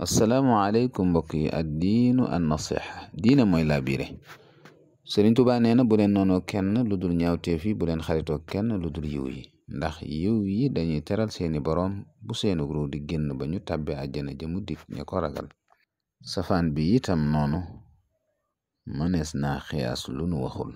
asalaamaaleykum mbokk yi ad diinu an nasiha diine mooy labiré Sëriñ Tuubaa nee na bu leen noonoo kenn lu dul ñaawteef yi bu leen xaritoo kenn lu dul yiw yi ndax yiw yi dañuy teral seeni boroom bu seeni guru di génn ba ñu tàbbe àjjana jëmu dik ña ko ragal safaan bi itam noonu mënees naa xiyaas lu nu waxul